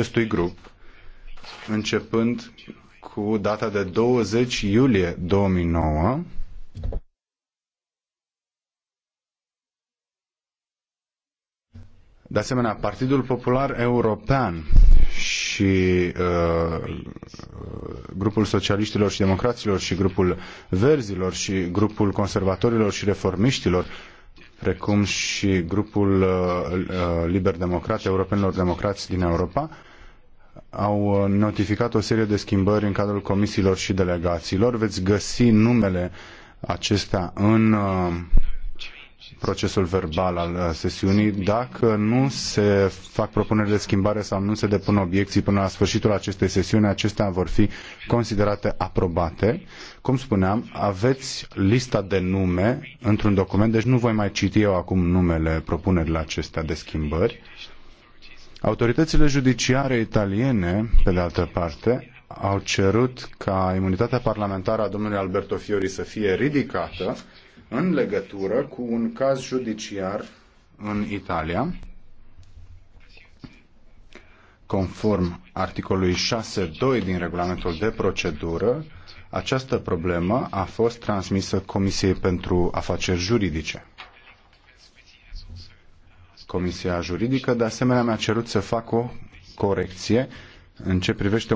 acestui grup, începând cu data de 20 iulie 2009, De asemenea, Partidul Popular European și uh, grupul socialiștilor și democraților și grupul verzilor și grupul conservatorilor și reformiștilor precum și grupul uh, uh, Liber Democrat, Europenilor Democrați din Europa, au uh, notificat o serie de schimbări în cadrul comisiilor și delegațiilor. Veți găsi numele acestea în procesul verbal al uh, sesiunii dacă nu se fac propuneri de schimbare sau nu se depun obiecții până la sfârșitul acestei sesiuni, acestea vor fi considerate aprobate. Cum spuneam, aveți lista de nume într-un document, deci nu voi mai citi eu acum numele propunerilor acestea de schimbări. Autoritățile judiciare italiene, pe de altă parte, au cerut ca imunitatea parlamentară a domnului Alberto Fiori să fie ridicată în legătură cu un caz judiciar în Italia, conform articolului 6.2 din regulamentul de procedură, această problemă a fost transmisă Comisiei pentru Afaceri Juridice. Comisia Juridică, de asemenea, mi-a cerut să fac o corecție în ce privește